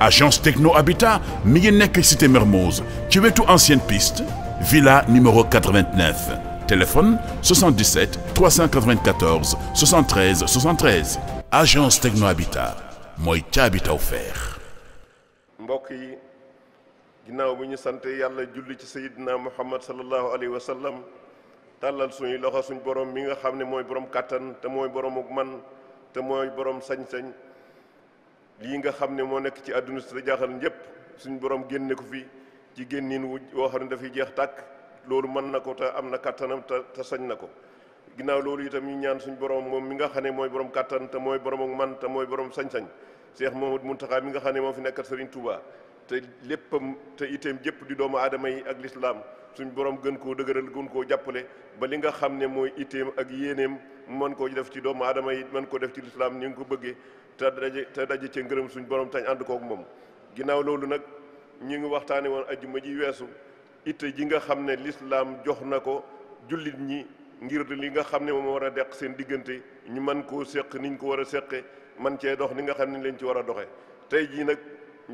agence techno habitat mi ngi nekk cité Mermoz ci wetu ancienne piste villa numéro 89 téléphone 77 394 73 73 agence techno habitat mooy ca taw offert. mbokk yi ginnaaw bi ñu santee yàlla julli ci sayidina muhammad sallallahu alayhi wa sallam tàllal suñuy loxo suñu borom mi nga xam ne mooy borom kàttan te mooy borom ak man te mooy borom sañ-sañ. lii nga xam ne moo nekk ci àdduna si la jaaxal ñëpp suñu borom génne ko fi ci génnin wu woo xam ne dafay jeex tàkk loolu mën na ko te am na kattanam te te sañ na ko ginnaaw loolu itam ñu ñaan suñu borom moom mi nga xam ne mooy borom kattan te mooy borom ak man te mooy borom sañ-sañ Cheikh mun Mountakha mi nga xam ne moo fi nekkat Serigne tubaa te léppam te itam jëpp di doomu aadama yi ak lislaam suñ borom gën koo dëgëral gën koo jàppale ba li nga xam ne mooy iteem ak yéeneem mën koo def ci doomu aadama yi mën koo def ci lislaam ni nga ko bëggee te daje te daje ci ngërëm suñ borom tañ ànd kook moom ginnaaw loolu nag ñu ngi waxtaane woon ajjuma ji weesu ite ji nga xam ne lislaam jox na ko jullit ñi ngir li nga xam ne moom war a deq seen diggante ñu mën koo ni ñu ko war a séqe man cee dox ni nga xam ne lañ ci war a doxee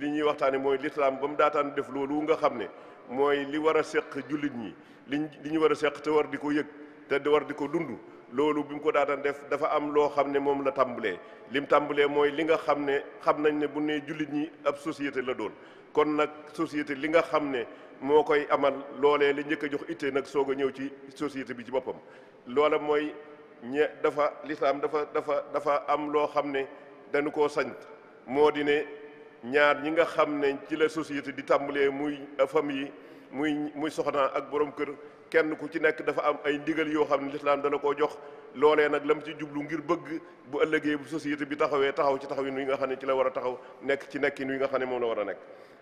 li ñuy waxtaane mooy lislaam ba mu daataan def loolu nga xam ne mooy li war a seq jullit ñi liñ li ñu war a seq te war di ko yëg te war di ko dund loolu bi mu ko daataan def dafa am loo xam ne moom la tàmbalee lim tàmbalee mooy li nga xam ne xam nañ ne bu nee jullit ñi ab société la doon kon nag société li nga xam ne moo koy amal loolee li njëkk a jox ittee nag soog a ñëw ci société bi ci boppam loola mooy ñe dafa lislaam dafa dafa dafa am loo xam ne dañu koo sant moo di ne ñaar ñi nga xam ne ci la société di tàmbalee muy famille muy muy soxna ak borom kër kenn ku ci nekk dafa am ay ndigal yoo xam ne lislaam dana koo jox loolee nag la ci jublu ngir bëgg bu ëllëgee bu société bi taxawee taxaw ci taxawin wi nga xam ne ci la war a taxaw nekk ci nekk nekkin wi nga xam ne moom la war a nekk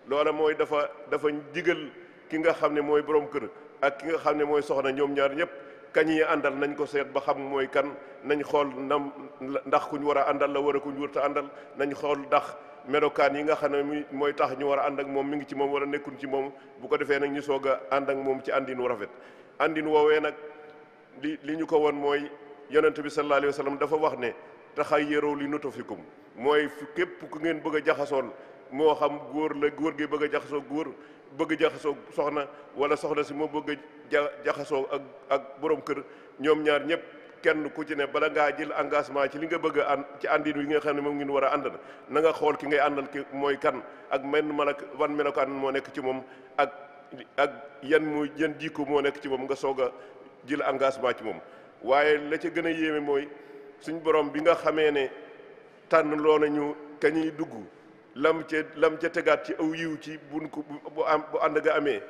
loola mooy dafa dafa digal ki nga xam ne mooy borom kër ak ki nga xam ne mooy soxna ñoom ñaar ñëpp kañ yi àndal nañ ko seet ba xam mooy kan nañ xool nam ndax kuñ war a àndal la war a kuñ wërta àndal nañ xool ndax melokaan yi nga xam ne mooy tax ñu war a ànd ak moom mi ngi ci moom wala nekkul ci moom bu ko defee nag ñu soog a ànd ak moom ci àndin wu rafet àndin woowee nag li li ñu ko woon mooy yonent bi sallallahu alayhi wa sallam dafa wax ne taxayyaroo li nutafikum mooy képp ku ngeen bëgg a jaxasoon moo xam góor la góor gi bëgg a jaxasoo góor bëgg jaxasoo soxna wala soxna si moo bëgg a jaxasoo ak ak borom kër ñoom ñaar ñëpp kenn ku ci bala ngaa jël engagement ci li nga bëgg a ci àndin wi nga xam ne moom ngeen war a àndal na nga xool ki ngay àndal ki mooy kan ak menn man ak wan melokaan moo nekk ci moom ak ak yan mu yan jikko moo nekk ci moom nga soog a jël engagement ci moom waaye la ca gën a yéeme mooy suñ borom bi nga xamee ne tànn loo nañu ka ñuy dugg lam ca lam ca tegaat ci aw yiw ci buñ bu am bu ànd nga amee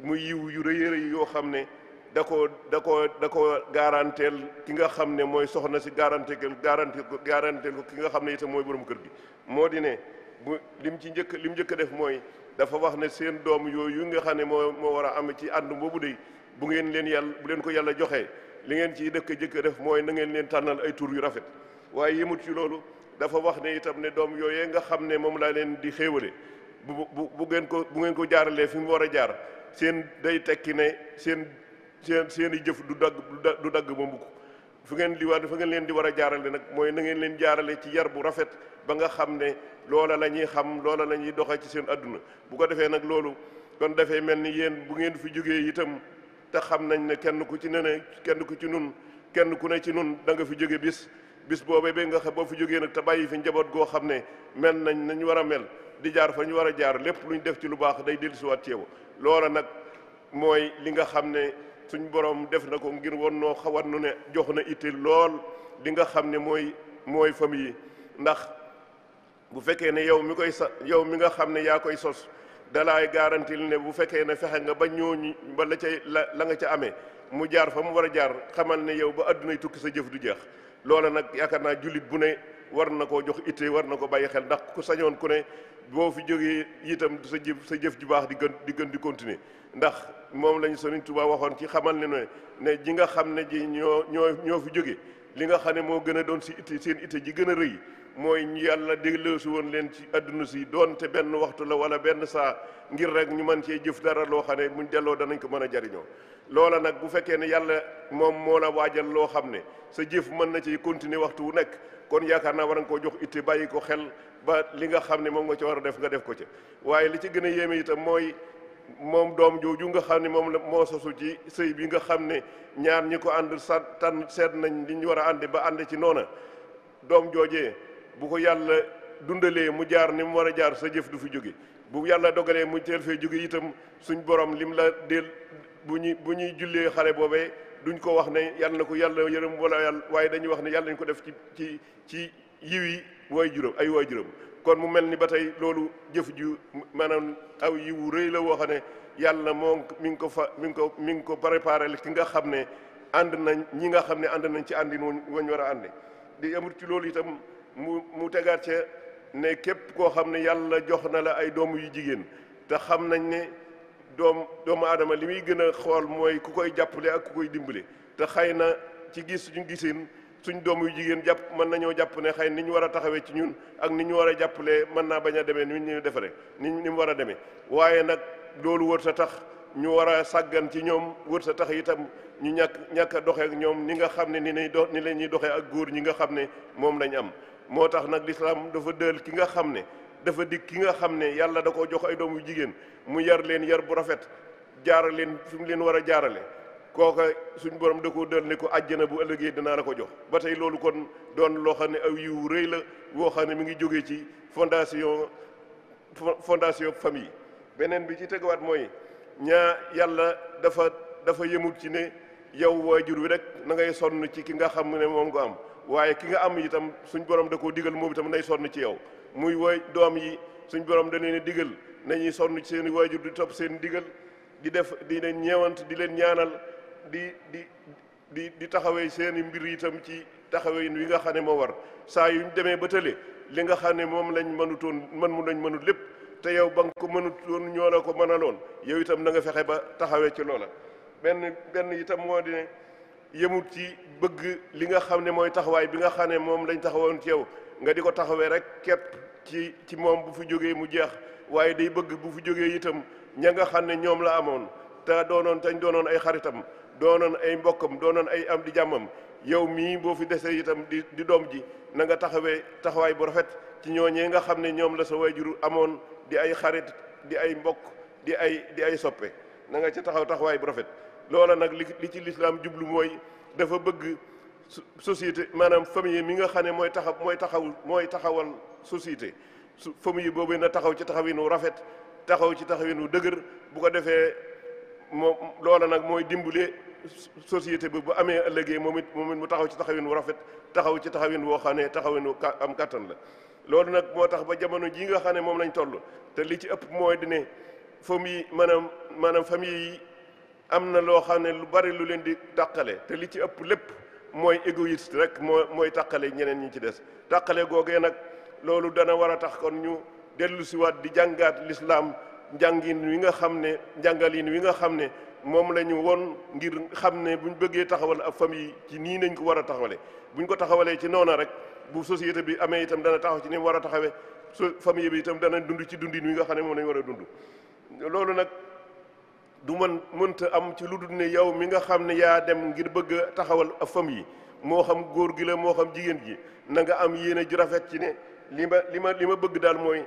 muy yiw yu rëy rëy yoo xam ne da koo da koo da koo garanteel ki nga xam ne mooy soxna si garanté garanté ko garanteel ko ki nga xam ne itam mooy borom kër gi moo di ne bu lim ci njëkk lim njëkk a def mooy dafa wax ne seen doom yooyu nga xam ne moo moo war a am ci ànd boobu bu ngeen leen yàlla bu leen ko yàlla joxee li ngeen ciy dëkk jëkk def mooy na leen tànnal ay tur yu rafet waaye yemut ci loolu dafa wax ne itam ne doom yooyee nga xam ne moom laa leen di xéewale bu bu bu ngeen ko bu ngeen ko jaaralee fi mu war a jaar seen day tekki ne seen seen seen i jëf du dagg du dagg ba mukk fu ngeen di war fa ngeen leen di war a jaarale nag mooy nangeen leen jaarale ci yar bu rafet ba nga xam ne loola la ñuy xam loola la ñuy ci seen adduna bu ko defee nag loolu kon defee mel ni yéen bu ngeen fi jógee itam te xam nañ ne kenn ku ci ne ne kenn ku ci nun kenn ku ne ci nun da nga fi jóge bis bis boobee ba nga xam boo jógee nag te bàyyi fi njaboot goo xam ne mel nañ nañ war a mel di jaar fa ñu war a jaar lépp lu def ci lu baax day dellusiwaat ci yow loola nag mooy li nga xam ne suñ borom def na ko ngir won noo xawat nu ne jox na itte lool li nga xam ne mooy mooy famille yi ndax bu fekkee ne yow mi koy sa yow mi nga xam ne yaa koy sos dalaay garantil ne bu fekkee ne fexe nga ba ñu ba la cay la la nga ca amee mu jaar fa mu war a jaar xamal ne yow ba àddunay tukki sa jëf du jeex loola nag yaakaar naa jullit bu ne war na koo jox itte war na ko bàyyi xel ndax ku sañoon ku ne boo fi jógee itam sa jëf sa jëf ju baax di gën di gën di continuer ndax moom lañu Sëriñ Tuubaa waxoon ci xamal ne ne ne ji nga xam ne ji ñoo ñoo ñoo fi jóge li nga xam ne moo gën a doon si itte seen itte ji gën a rëy mooy ñu yàlla dégleesu woon leen ci àdduna si doon te benn waxtu la wala benn saa ngir rek ñu mën cee jëf dara loo xam ne buñ delloo danañ ko mën a jariñoo loola nag bu fekkee ne yàlla moom moo la waajal loo xam ne sa jëf mën na ci continuer waxtu wu nekk kon yaakaar naa war nga koo jox itti bàyyi ko xel ba li nga xam ne moom nga ci war a def nga def ko ca waaye li ci gën a yéeme itam mooy moom doom jooju nga xam ni moom la moo sosu ci sëy bi nga xam ne ñaar ñi ko ànd sa tànn seet nañ li ñu war a ànd ba ànd ci noona doom joojee bu ko yàlla dundalee mu jaar ni mu war a jaar sa jëf du fi jóge bu yàlla dogalee mu teel fee jóge itam suñ borom mu la del bu ñuy bu ñuy jullee xale boobee duñ ko wax ne yàlla na ko yàlla yërëm wala yàlla waaye dañuy wax ne yàlla nañ ko def ci ci ci yiw yi waay juróom ay waay juróom kon mu mel ni ba tey loolu jëf ju maanaam aw yiwu rëy la woo xam ne yàlla moo mi ngi ko fa mi ngi ko mi ngi ko préparé ki nga xam ne ànd nañ ñi nga xam ne ànd nañ ci àndin wañ war a ànde di amul ci loolu itam mu mu tegaat ca ne képp koo xam ne yàlla jox na la ay doom yu jigéen te xam nañ ne doom doomu aadama li muy gën a xool mooy ku koy jàppale ak ku koy dimbale te xay na ci gis suñu giseen suñ doom yu jigéen jàpp mën nañoo jàpp ne xay ni ñu war a taxawee ci ñun ak ni ñu war a jàppalee mën naa bañ a demee ni ñu defaree ni ni mu war a demee waaye nag loolu wër sa tax ñu war a sàggan ci ñoom wër sa tax itam ñu ñàkk ñàkk a ak ñoom ni nga xam ne ni lay do ni la ñuy doxee ak góor ñi nga xam ne moom lañu am moo tax nag lislaam dafa dël ki nga xam ne dafa dig ki nga xam ne yàlla da koo jox ay doom jigéen mu yar leen yar bu rafet jaara leen fi mu leen war a jaarale kooka suñ borom da koo dal ne ko àjjana bu ëllëgee dinaa ko jox ba tey loolu kon doon loo xam ne aw yiw rëy la woo xam ne mi ngi jógee ci fondation fondation famille beneen bi ci tegawaat mooy ñaa yàlla dafa dafa yemut ci ne yow waajur wi rek na ngay sonn ci ki nga xam ne moom nga am waaye ki nga am itam suñ borom da koo digal moom itam nay sonn ci yow muy woy doom yi suñ borom dañu ne digal nañuy sonn ci seen i waajur di topp seen digal di def di leen ñeewant di leen ñaanal di di di di taxawee seeni i mbir itam ci taxawee yi nga xam ne moo war saa yu demee ba tële li nga xam ne moom lañ mënutoon mën mu lañ mënut lépp te yow ba nga ko mënutoon ñoo la ko mënaloon yow itam na nga fexe ba taxawee ci loola. benn benn itam moo di ne ci bëgg li nga xam ne mooy taxawaay bi nga xam ne moom lañ taxawoon ci yow nga di ko taxawee rek képp ci ci moom bu fi jógee mu jeex waaye day bëgg bu fi jógee itam ña nga xam ne ñoom la amoon te doonoon tañ doonoon ay xaritam doonoon ay mbokkam doonoon ay am di jàmmam yow mii boo fi desee itam di di doom ji na nga taxawee taxawaay bu rafet ci ñooñee nga xam ne ñoom la sa waajur amoon di ay xarit di ay mbokk di ay di ay soppe na nga ca taxaw taxawaay bu rafet loola nag li li ci lislaam jublu mooy dafa bëgg société maanaam famille mi nga xam ne mooy taxaw mooy taxaw mooy taxawal société su famille boobu na taxaw ci taxawin wu rafet taxaw ci taxawin wu dëgër bu ko defee moom nag mooy dimbale société bi bu amee ëllëgee moom it moom it mu taxaw ci taxawin wu rafet taxaw ci taxawin woo xam ne taxawin wu am kattan la loolu nag moo tax ba jamono jii nga xam ne moom lañ toll te li ci ëpp mooy di ne famille maanaam maanaam famille yi am na loo xam ne lu bari lu leen di dàqale te li ci ëpp lépp mooy égoïste rek moo mooy tàqale ñeneen ñi ci des tàqale googee nag loolu dana war a tax kon ñu dellu siwaat di jàngaat lislaam njàngin wi nga xam ne njàngalin wi nga xam ne moom la ñu woon ngir xam ne bu buñ bëggee taxawal ab famille ci nii nañ ko war a bu buñ ko taxawalee ci noona rek bu société bi amee itam dana taxaw ci ni mu war a taxawee su famille bi itam dana dund ci dundin wi nga xam ne moom lañ war a dund loolu nag du mën mënta am ci lu dul ne yow mi nga xam ne yaa dem ngir bëgg a taxawal famille yi moo xam góor gi la moo xam jigéen gi na nga am yéene ju rafet ci ne li ma li ma li ma bëgg daal mooy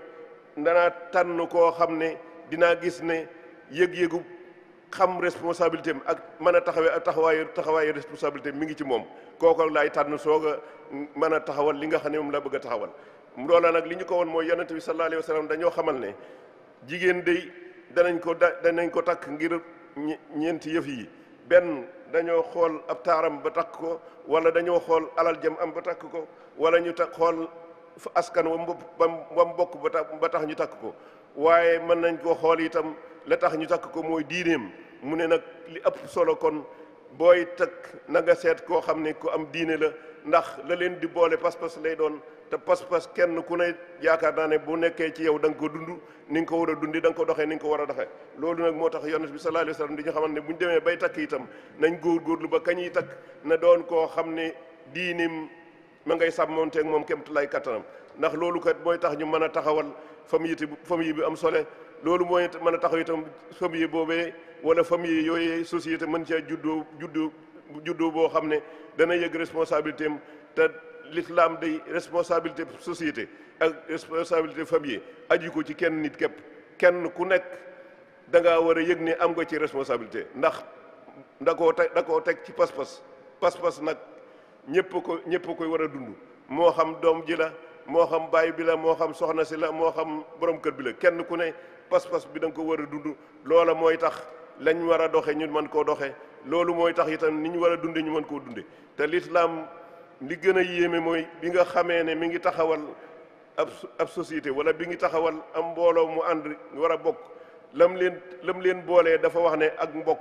danaa tànn koo xam ne dinaa gis ne yëg-yëgu xam responsabilité am ak mën a taxawee ak taxawaayu taxawaayu responsabilité mi ngi ci moom kooku laay tànn soog a mën a taxawal li nga xam ne moom la bëgg a taxawal loola nag li ñu ko woon mooy yonent bi sallallahu alayhi wa sallam dañoo xamal ne jigéen day danañ ko da danañ ko takk ngir ñeenti yëf yi benn dañoo xool ab taaram ba takk ko wala dañoo xool alal jëm am ba takk ko wala ñu takk xool askan wa mu ba mu bokk ba tax ñu takk ko waaye mën nañ ko xool itam la tax ñu takk ko mooy diineem mu ne nag li ëpp solo kon booy takk na nga seet koo xam ne ku am diine la ndax la leen di boole pas-pas lay doon te pas-pas kenn ku ne yaakaar naa ne bu nekkee ci yow danga nga ko dund ni ko war a dundi da ko doxe ni nga ko war a doxee loolu nag moo tax yonent bi sallallahu alayhi wa sallam ne bu ñu demee bay takk itam nañ góorgóorlu ba kañuy takk na doon koo xam ne diinim ma ngay sàmmonteeg moom moom kéem lay kattanam ndax loolu kat mooy tax ñu mën a taxawal famille ti famille bi am sole loolu mooy mën a taxaw itam famille boobee wala famille yooyu société mën cee juddoo juddu juddu boo xam ne dana yëg responsabilité am te l'islam day responsabilité société ak responsabilité famille aju ko ci kenn nit képp kenn ku nekk da ngaa war a yëg ni am nga ci responsabilité ndax da koo teg da teg ci pas-pas pas-pas nag ñëpp ko ñëpp koy war a dund moo xam doom ji la moo xam baay bi la moo xam soxna si la moo xam borom kër bi la kenn ku ne pas-pas bi da nga ko war a dund loola mooy tax lañ war a doxe ñu mën koo doxe loolu mooy tax itam ni ñu war a dunde ñu mën koo dunde te lislaam li gën a yéeme mooy bi nga xamee ne mi ngi taxawal ab ab société wala bi ngi taxawal am mbooloo mu ànd war a bokk lam leen lam leen boolee dafa wax ne ak mbokk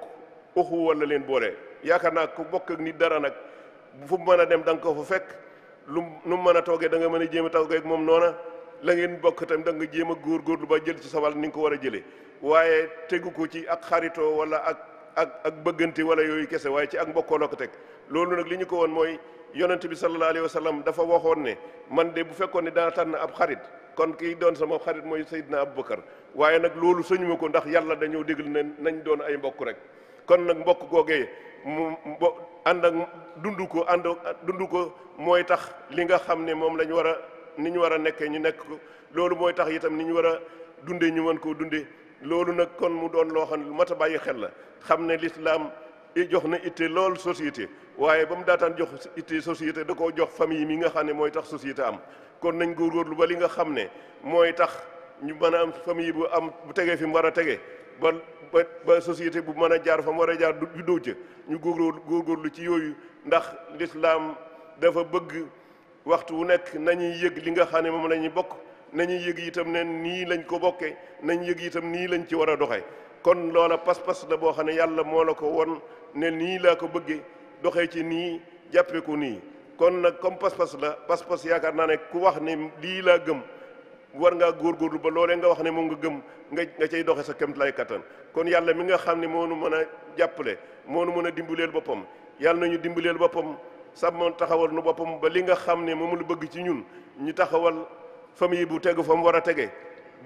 uxu wala leen boolee yaakaar naa ku bokk ak nit dara nag fu mu mën a dem da nga ko fa fekk lu nu mu mën a toogee da nga mën a jéem a toogee ak moom noona la ngeen bokk tam da nga jéem a góorgóorlu ba jël ci sawal ni nga ko war a jëlee waaye tegu ko ci ak xaritoo wala ak ak ak bëggante wala yooyu kese waaye ci ak mbokkoo la ko teg loolu nag li ñu ko woon mooy yonent bi sallallahu alayhi wa sallam dafa waxoon ne man de bu fekkoon ne daa tànn ab xarit kon kii doon sama xarit mooy Seydina Aboubacar waaye nag loolu sa sëñu ma ko ndax yàlla dañoo déglu na nañ doon ay mbokk rek kon nag mbokk googee mu mbo ànd ak dund ko ànd dund ko mooy tax li nga xam ne moom la ñu war a ni ñu war a nekkee ñu nekk ko loolu mooy tax itam ni ñu war a dunde ñu mën koo dunde loolu nag kon mu doon loo xam ne lu mat a bàyyi xel la xam ne lislaam i jox na it lool société waaye ba mu daataan jox itte société da koo jox famille mi nga xam ne mooy tax société am kon nañ lu ba li nga xam ne mooy tax ñu mën a am famille bu am bu tegee fi mu war a tege ba ba société bu mën a jaar fa mu war a jaar du dóo ca ñu góor lu ci yooyu ndax lislaam dafa bëgg waxtu wu nekk nañuy yëg li nga xam ne moom la ñuy bokk nañu yëg itam ne nii lañ ko bokkee nañ yëg itam nii lañ ci war a doxee kon loola pas-pas la boo xam ne yàlla moo la ko won ne nii laa ko bëggee doxee ci nii jàppee ko nii kon nag comme pas-pas la pas-pas yaakaar naa ne ku wax ne lii laa gëm war ngaa góor góorgóorlu ba loolee nga wax ne moom nga gëm nga nga cay doxe sa kemt lay kattan kon yàlla mi nga xam ne moo nu mën a jàppale moo nu mën a boppam yàlla nañu dimbaleel boppam sàmm taxawal nu boppam ba li nga xam ne moom la bëgg ci ñun ñu taxawal famille bu tegu fa mu war a tege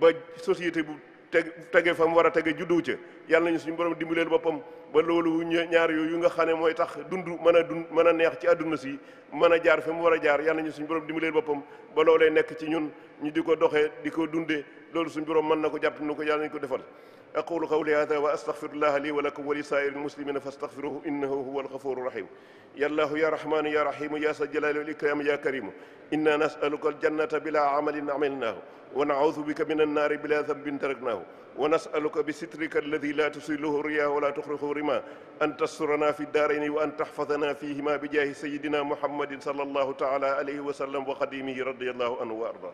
ba société bu teg tege fa mu war a tege juddu ca yàlla nañu suñu borom dimbaleel boppam ba loolu ñaar yooyu nga xam ne mooy tax dund mën a dund mën a neex ci àdduna si mën a jaar fa war a jaar yàlla nañu suñu borom dimbaleel boppam ba loolee nekk ci ñun ñu di ko doxee di ko dundee loolu suñu borom mën na ko jàpp na ko yàlla nañu ko defal. أقول قولي هذا وأستغفر الله لي ولكم ولسائر المسلمين فاستغفروه إنه هو الغفور الرحيم يا الله يا رحمن يا رحيم يا ذا الجلال والإكرام يا كريم إنا نسألك الجنة بلا عمل عملناه ونعوذ بك من النار بلا ذنب تركناه ونسألك بسترك الذي لا تسيله رياء ولا تخرجه رما أن تسترنا في الدارين وأن تحفظنا فيهما بجاه سيدنا محمد صلى الله تعالى عليه وسلم وقديمه رضي الله عنه وأرضاه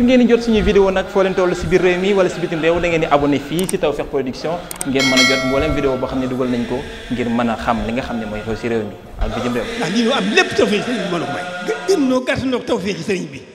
ngir ngeen jot suñuy vidéo nag foo leen toll si biir réew mi wala si bitim réew da di abonné fii si Tawfekh Production ngeen mën a jot mboolem vidéo boo xam ne dugal nañ ko ngir mën a xam li nga xam ne mooy xew si réew mi ak bitim réew. ndax lii may. gën noo gàtt noo Tawfekh sëriñ bi.